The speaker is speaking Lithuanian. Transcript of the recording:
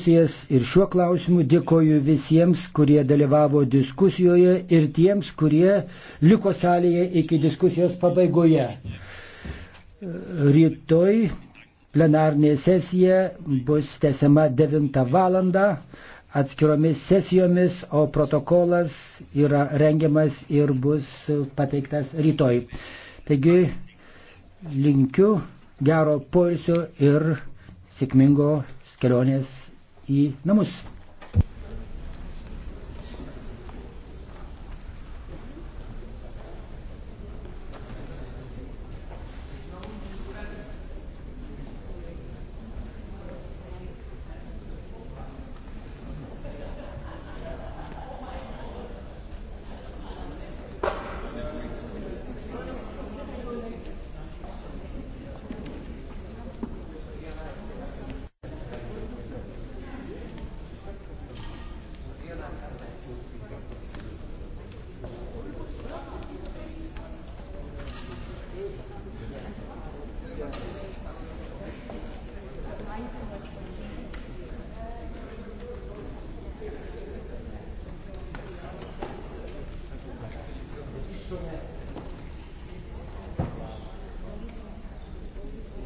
diskusijas ir šiuo klausimu. Dėkoju visiems, kurie dalyvavo diskusijoje ir tiems, kurie liko salėje iki diskusijos pabaigoje. Rytoj plenarnė sesija bus tęsiama 9 val. atskiromis sesijomis, o protokolas yra rengiamas ir bus pateiktas rytoj. Taigi linkiu gero poilsio ir sėkmingo kelionės į namus.